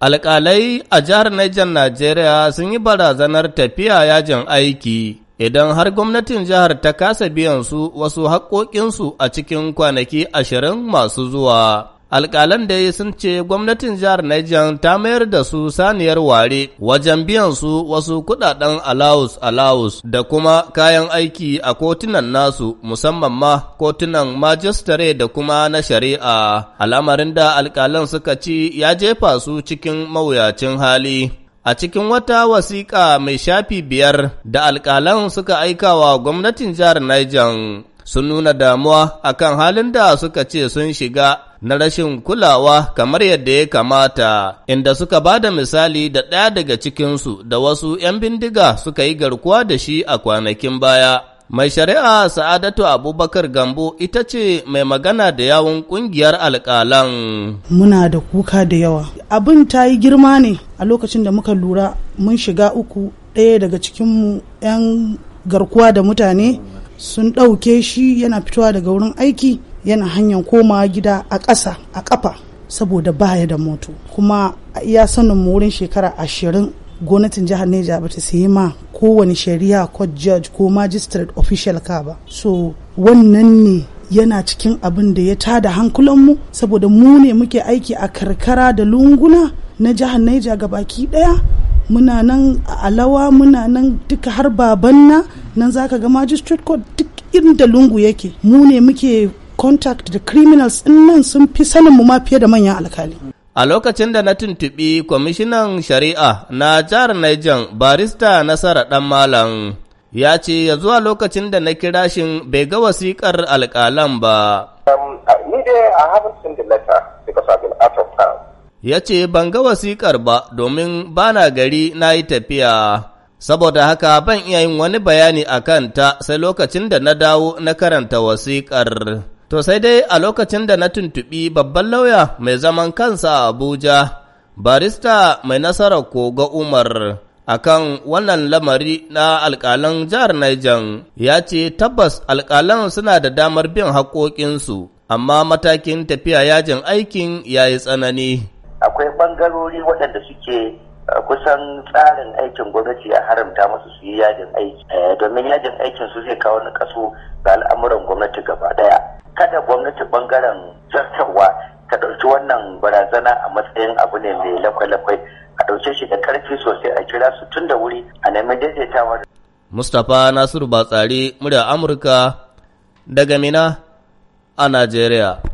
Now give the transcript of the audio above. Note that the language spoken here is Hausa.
Alƙalai a jihar Niger Najeriya sun yi barazanar tafiya yajin aiki idan har gwamnatin jihar ta kasa biyan su wasu haƙoƙinsu a cikin kwanaki ashirin masu zuwa. alƙalan da ya sun ce gwamnatin jihar Niger ta mayar da su saniyar ware wajen biyan su wasu kuɗaɗen alawus alawus da kuma kayan aiki a kotunan nasu musamman ma kotunan majistare da kuma na shari'a al'amarin da alƙalan suka ci ya jefa su cikin mawuyacin hali A cikin wata wasiƙa mai shafi biyar da alƙalan suka aika wa gwamnatin jihar Niger sun nuna damuwa akan halin da suka ce sun shiga na rashin kulawa kamar yadda ya kamata, inda suka ba da misali da ɗaya daga cikinsu da wasu ‘yan bindiga suka yi garkuwa da shi a kwanakin baya. Mai shari'a Sa'adatu Abubakar Gambo ita ce mai magana da yawun ƙungiyar alƙalan. Muna da kuka da yawa. Abin ta yi girma ne a lokacin da muka lura mun shiga uku ɗaya daga cikinmu 'yan garkuwa da mutane sun ɗauke shi yana fitowa daga wurin aiki yana hanyar koma gida a ƙasa a ƙafa saboda baya da moto kuma iya sanin mu wurin shekara ashirin gwamnatin jihar Neja ba ta sayi ma kowane shari'a ko judge ko magistrate official ka ba so wannan ne yana cikin abin da ya tada hankulanmu saboda mu ne muke aiki a karkara da lunguna na jihar Neja ga baki ɗaya muna nan a alawa muna nan duka har babanna nan zaka ga magistrate court duk inda lungu yake mu ne muke contact da criminals in nan sun fi sanin mu ma fiye da manyan alkali. A lokacin da na tuntuɓi kwamishinan shari'a na jihar Niger barista Nasara ɗan Malam ya ce ya zuwa lokacin da na kira shi bai ga wasiƙar alƙalan ba. Um, uh, ya ce ban ga wasikar ba domin ba na gari na yi tafiya. saboda haka ban iya yin wani bayani a kanta sai lokacin da na dawo na karanta wasiƙar. To sai dai a lokacin da na tuntuɓi babban lauya mai zaman kansa a Abuja, barista mai nasarar koga Umar akan wannan lamari na alƙalan jihar Niger ya ce tabbas alƙalan suna da damar bin haƙoƙinsu, amma matakin tafiya yajin aikin ya yi tsanani. Akwai ɓangarori waɗanda suke uh, kusan tsarin aikin gwamnati ya haramta masu su yi yajin aiki eh, domin yajin aikin su zai kawo na kaso ga al'amuran gwamnati gaba ɗaya. kada gwamnati bangaren zartarwa ta ɗauki wannan barazana a matsayin abu ne mai lakwai-lakwai a ɗauke shi da ƙarfi sosai a kira su tun da wuri a neman daidaitawa. Mustapha Nasiru Batsari, murya Amurka daga Mina a Najeriya.